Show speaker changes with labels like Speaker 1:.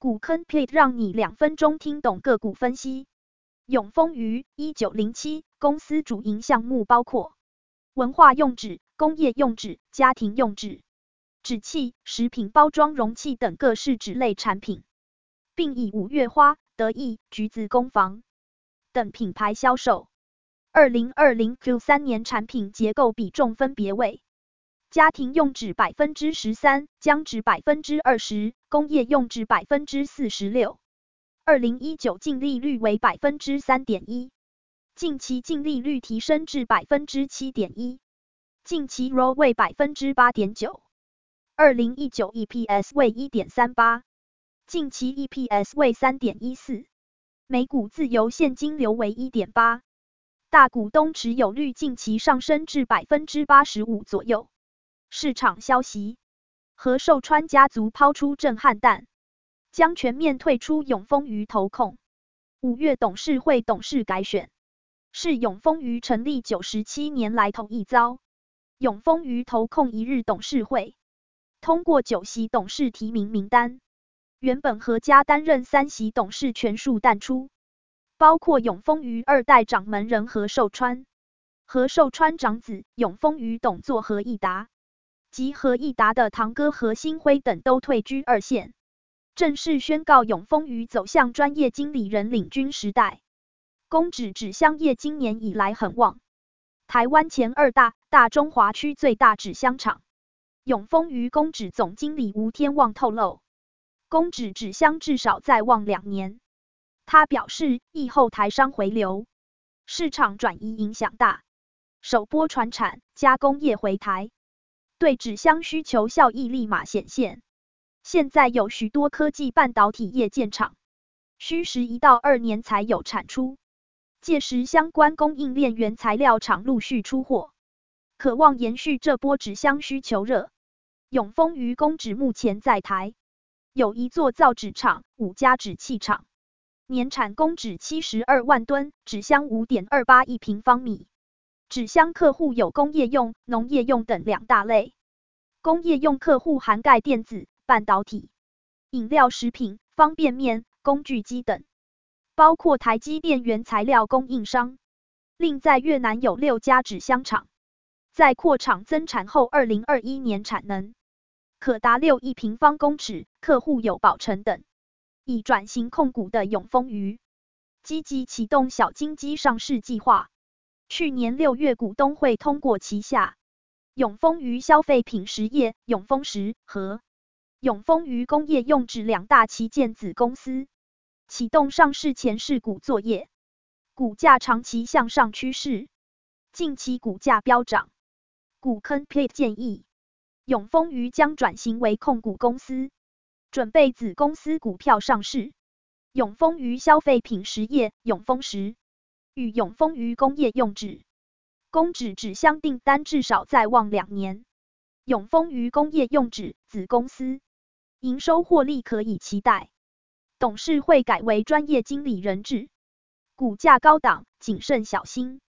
Speaker 1: 股坑 plate 讓你兩分鐘聽懂個股分析。永豐餘一九零七公司主營項目包括文化用紙、工業用紙、家庭用紙、紙器、食品包裝容器等各式紙類產品，並以五月花、得意、橘子工坊等品牌銷售。二零二零 Q 三年產品結構比重分別為。家庭用紙百分之十三，漿紙百分之二十，工業用紙百分之四十六。二零一九淨利率為百分之三點一，近期淨利率提升至百分之七點一，近期 ROE 為百分之八點九。二零一九 EPS 為一點三八，近期 EPS 為三點一四，每股自由現金流為一點八，大股東持有率近期上升至百分之八十五左右。市場消息：何壽川家族拋出震撼彈，將全面退出永豐餘投控。五月董事會董事改選，是永豐餘成立九十七年來頭一遭。永豐餘投控一日董事會通過九席董事提名名單，原本何家擔任三席董事全數淡出，包括永豐餘二代掌門人何壽川、何壽川長子永豐餘董座何奕達。及何奕達的堂哥何新輝等都退居二線，正式宣告永豐餘走向專業經理人領軍時代。工紙紙箱業今年以來很旺，台灣前二大、大中華區最大紙箱廠永豐餘工紙總經理吳天旺透露，工紙紙箱至少再旺兩年。他表示，疫後台商回流，市場轉移影響大，首波傳產加工業回台。對紙箱需求效益立馬顯現，現在有許多科技半導體業建廠，需時一到二年才有產出，屆時相關供應鏈原材料廠陸續出貨，渴望延續這波紙箱需求熱。永豐餘工紙目前在台有一座造紙廠、五家紙器廠，年產工紙七十二萬噸、紙箱五點二八億平方米，紙箱客戶有工業用、農業用等兩大類。工業用客戶涵蓋電子、半導體、飲料、食品、方便麵、工具機等，包括台積電原材料供應商。另在越南有六家紙箱廠，在擴廠增產後，二零二一年產能可達六億平方公尺，客戶有寶成等。已轉型控股的永豐餘，積極啟動小金雞上市計劃。去年六月股東會通過旗下。永豐餘消費品實業、永豐時和永豐餘工業用紙兩大旗艦子公司啟動上市前釋股作業，股價長期向上趨勢，近期股價飆漲。股坑 Pete 建議，永豐餘將轉型為控股公司，準備子公司股票上市。永豐餘消費品實業、永豐時與永豐餘工業用紙。工紙紙箱訂單至少再旺兩年，永豐餘工業用紙子公司營收獲利可以期待。董事會改為專業經理人制，股價高檔，謹慎小心。